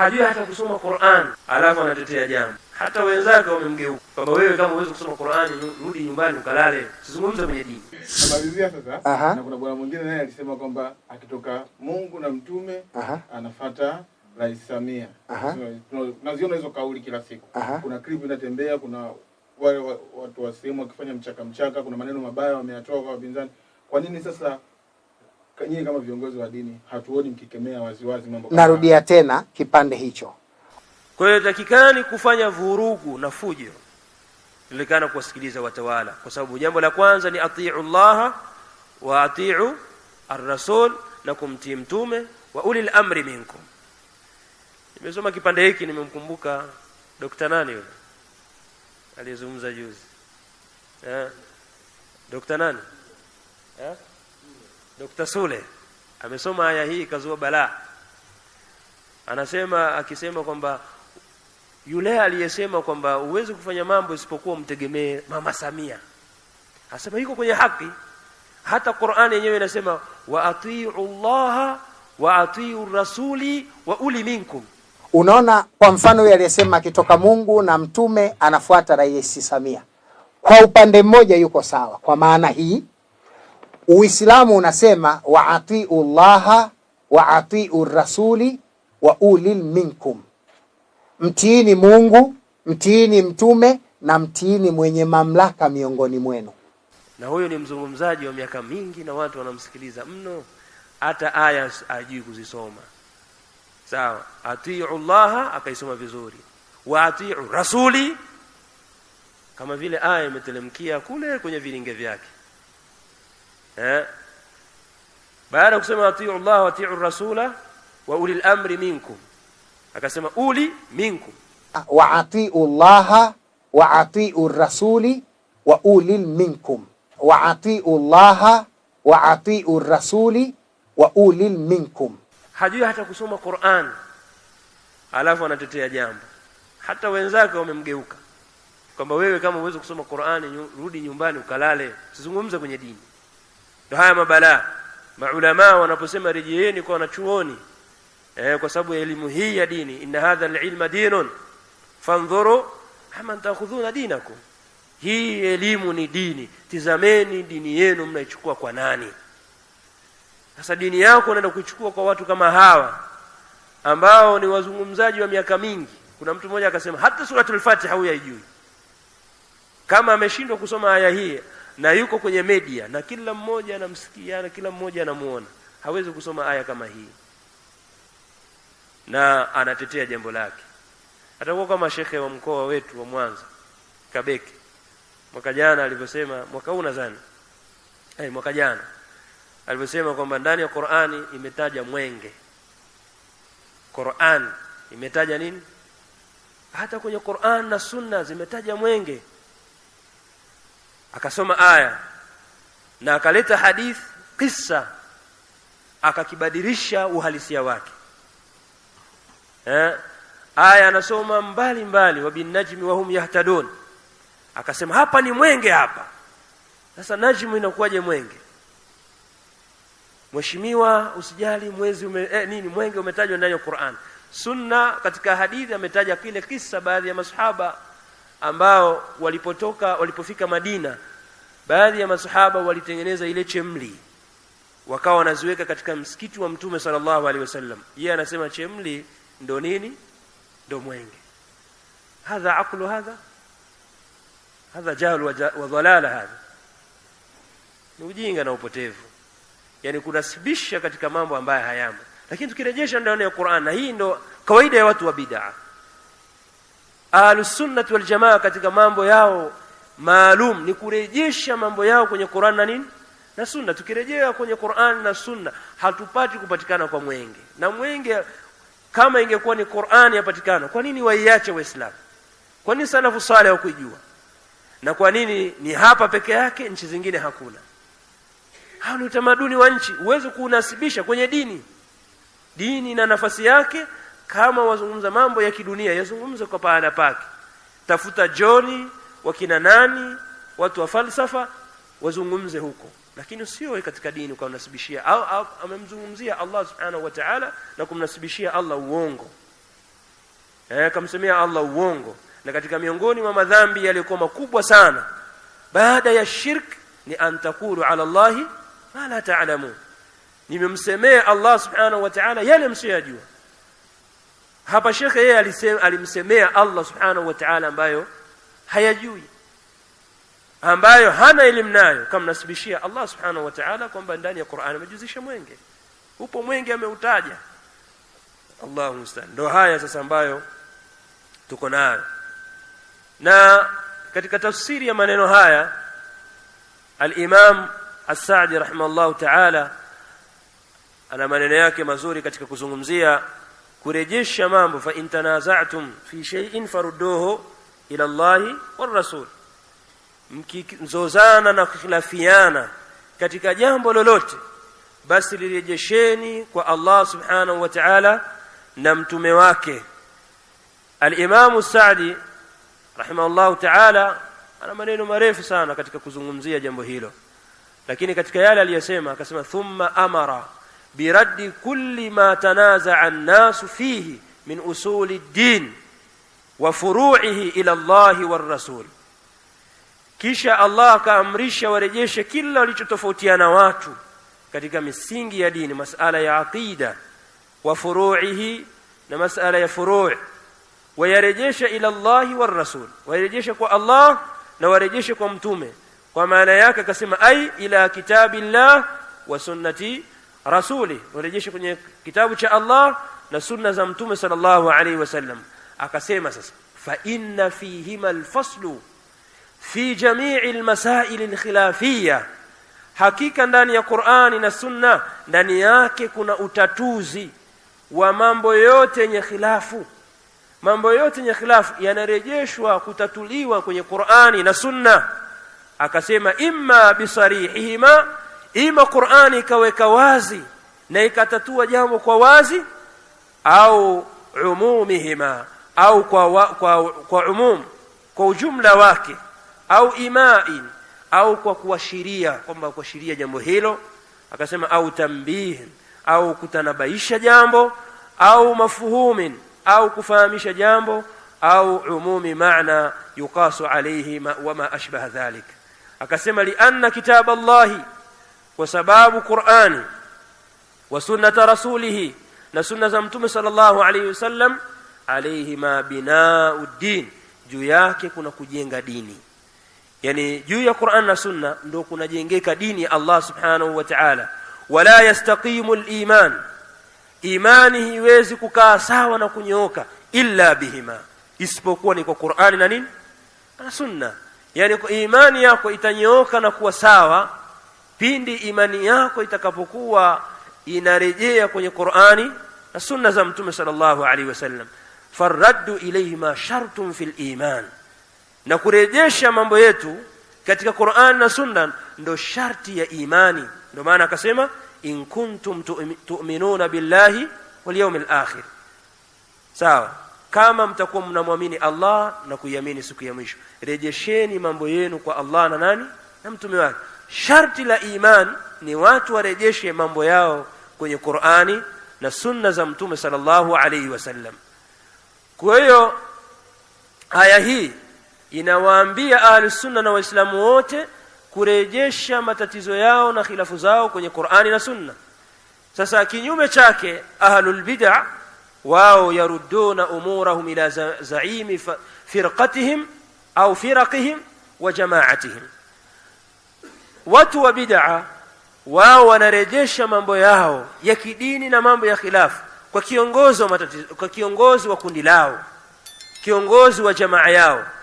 hajui hata kusoma Qur'an, alafu anatetea jambo. Hata wenzake wamemgeuka Baba wewe kama uwezi kusoma Qur'an, rudi nyumbani ukalale, usizungumze kwenye dini. Namalizia sasa, na kuna bwana mwingine naye alisema kwamba akitoka Mungu na mtume anafata Rais Samia. Tunaziona hizo kauli kila siku. Aha. Kuna clip inatembea, kuna wale watu wa sehemu wakifanya mchaka mchaka, kuna maneno mabaya wameyatoa kwa wapinzani. Kwa nini sasa nyinyi kama viongozi wa dini hatuoni mkikemea waziwazi mambo kama narudia tena kipande hicho. Kwa hiyo takikani kufanya vurugu na fujo, ilikana kuwasikiliza watawala, kwa sababu jambo la kwanza ni atiu llaha wa atiu arrasul, na kumtii mtume wa ulil amri minkum. Nimesoma kipande hiki, nimemkumbuka Dokta nani yule aliyezungumza juzi eh? Dr. nani eh? Dr. Sule amesoma aya hii kazua balaa. Anasema akisema kwamba yule aliyesema kwamba uwezi kufanya mambo isipokuwa umtegemee Mama Samia. Anasema yuko kwenye haki. Hata Qur'ani yenyewe inasema wa atiu Allah wa rasuli wa uli minkum. Unaona, kwa mfano yeye aliyesema akitoka Mungu na mtume anafuata Rais Samia, kwa upande mmoja yuko sawa, kwa maana hii Uislamu unasema wa atiu llaha wa atiu rasuli wa ulil minkum, mtiini Mungu, mtiini mtume na mtiini mwenye mamlaka miongoni mwenu. Na huyu ni mzungumzaji wa miaka mingi na watu wanamsikiliza mno, hata aya hajui kuzisoma sawa. Atiu llaha akaisoma vizuri, wa atiu rasuli, kama vile aya imetelemkia kule kwenye vilinge vyake eh baada kusema atiu Allah wa atiu rasula wa ulil amri minkum akasema uli minkum ah, wa atiu Allah wa atiu rasuli wa uli minkum wa atiu Allah wa atiu rasuli wa uli minkum hajui hata kusoma Qur'an alafu anatetea jambo hata wenzake wamemgeuka kwamba wewe kama uweze kusoma Qur'ani rudi nyumbani ukalale usizungumze kwenye dini ndo haya mabala maulamaa wanaposema rejeeni kwa wanachuoni eh, kwa sababu elimu hii ya dini inna hadha alilma dinun fandhuru aman takhudhuna dinakum hii elimu ni dini tizameni dini yenu mnaichukua kwa nani sasa dini yako unaenda kuichukua kwa watu kama hawa ambao ni wazungumzaji wa miaka mingi kuna mtu mmoja akasema hata suratul fatiha huyu haijui kama ameshindwa kusoma aya hii na yuko kwenye media na kila mmoja anamsikia na kila mmoja anamuona, hawezi kusoma aya kama hii na anatetea jambo lake. Atakuwa kama shekhe wa mkoa wetu wa Mwanza Kabeke, mwaka jana alivyosema, mwaka huu nadhani hey, eh, mwaka jana alivyosema kwamba ndani ya Qur'ani imetaja mwenge. Qur'an imetaja nini? Hata kwenye Qur'an na Sunna zimetaja mwenge akasoma aya na akaleta hadith kisa akakibadilisha uhalisia wake eh? aya anasoma mbali mbali wa wa wahum yahtadun akasema hapa ni mwenge hapa sasa najmu inakuwaje mwenge mheshimiwa usijali mwezi ume, eh, nini mwenge umetajwa ndani ya Qur'an sunna katika hadithi ametaja kile kisa baadhi ya masahaba ambao walipotoka walipofika Madina baadhi ya masahaba walitengeneza ile chemli wakawa wanaziweka katika msikiti wa mtume sallallahu alaihi wasallam yeye anasema chemli ndo nini ndo mwenge hadha aqlu hadha hadha jahlu wa dhalala hadha ni ujinga na upotevu yani kunasibisha katika mambo ambayo hayamo lakini tukirejesha ndani ya Qur'an na hii ndo kawaida ya watu wa bid'ah ahlusunnati waljamaa katika mambo yao maalum ni kurejesha mambo yao kwenye Qur'an na nini na sunna. Tukirejea kwenye Qur'an na sunna hatupati kupatikana kwa mwenge, na mwenge kama ingekuwa ni Qur'an yapatikana, kwa nini waiache Waislamu? Kwa nini salafu saleh hawakuijua? Na kwa nini ni hapa peke yake, nchi zingine hakuna? Hao ni utamaduni wa nchi, huwezi kuunasibisha kwenye dini. Dini na nafasi yake kama wazungumza mambo ya kidunia yazungumze kwa pahala pake tafuta joni wakina nani watu wa falsafa wazungumze huko lakini sio katika dini kwa unasibishia au, amemzungumzia Allah subhanahu wa ta'ala na kumnasibishia Allah uongo eh kamsemea Allah uongo na katika miongoni mwa madhambi yaliyokuwa makubwa sana baada ya shirk ni antakulu ala Allah ma la ta'lamu nimemsemea Allah subhanahu wa ta'ala yale msiyajua hapa shekhe yeye alimsemea Allah subhanahu wa ta'ala ambayo hayajui ambayo hana elimu nayo, nasibishia Allah subhanahu wa ta'ala kwamba ndani ya qurani amejuzisha mwenge, upo mwenge ameutaja. Allahu musta'an. haya sasa ambayo tuko nayo, na katika tafsiri ya maneno haya alimam imam As-Sa'di ta'ala ana maneno yake mazuri katika kuzungumzia kurejesha mambo fa in fi shay'in farudduhu ila Allah war rasul mkizozana na kukhilifiana katika jambo lolote basi lirejesheni kwa Allah subhanahu wa ta'ala na mtume wake al-Imam Sa'di rahimahullahu ta'ala ana maneno marefu sana katika kuzungumzia jambo hilo lakini katika yale aliyosema akasema thumma amara biraddi kulli ma tanazaa an-nasu fihi min usuli ad-din wa furu'ihi ila Allahi war rasul. Kisha Allah akaamrisha warejeshe kila walichotofautiana watu katika misingi ya dini, masala ya aqida wa furu'ihi, na masala ya furu' wayarejesha ila Allahi war rasul, wayarejesha kwa Allah na warejeshe kwa mtume. Kwa maana yake akasema, ai ila kitabillah wa sunnati rasuli warejeshe kwenye kitabu cha Allah na sunna za mtume sallallahu alaihi wasallam akasema sasa fa inna fihima alfaslu fi jamii almasail alkhilafiyya hakika ndani ya Qur'ani na sunna ndani yake kuna utatuzi wa mambo yote yenye khilafu mambo yote yenye khilafu yanarejeshwa kutatuliwa kwenye Qur'ani na sunna akasema imma bisarihihima ima Qur'ani ikaweka wazi na ikatatua jambo kwa wazi au umumihima au kwa, wa, kwa, kwa umum kwa ujumla wake au imai au kwa kuashiria kwamba kuashiria jambo hilo akasema au tambihi au kutanabaisha jambo au mafuhumin au kufahamisha jambo au umumi maana yukasu alayhi ma, wama ashbaha dhalik akasema anna kitab Allahi kwa sababu Qur'ani wa sunnata rasulihi na sunna za mtume sallallahu alayhi wasallam alayhi ma binau din juu yake kuna kujenga dini yani juu ya Qur'an na sunna ndio kunajengeka dini ya Allah subhanahu wa ta'ala wala yastaqimu al-iman imani hiwezi kukaa sawa na kunyooka illa bihima isipokuwa ni kwa Qur'ani na nini na sunna yani imani yako itanyooka na kuwa sawa pindi imani yako itakapokuwa inarejea kwenye Qur'ani na sunna za mtume sallallahu alaihi wasallam faraddu ilayhi ma shartun fil iman na kurejesha mambo yetu katika Qur'an na sunna ndo sharti ya imani ndo maana akasema in kuntum tu'minuna billahi wal yawmil akhir sawa kama mtakuwa mnamwamini Allah na kuiamini siku ya mwisho rejesheni mambo yenu kwa Allah na nani na mtume wake Sharti la iman ni watu warejeshe mambo yao kwenye Qur'ani na sunna za Mtume salllahu alaihi wasallam. Kwa hiyo aya hii inawaambia ahlusunna na Waislamu wote kurejesha matatizo yao na khilafu zao kwenye Qur'ani na sunna. Sasa kinyume chake ahlul wao yaruduna umurahum ila zaimi firqatihim au firaqihim wa jama'atihim watu wa bid'a wao wanarejesha mambo yao ya kidini na mambo ya khilafu kwa kiongozi wa matatizo, kwa kiongozi wa kundi lao, kiongozi wa jamaa yao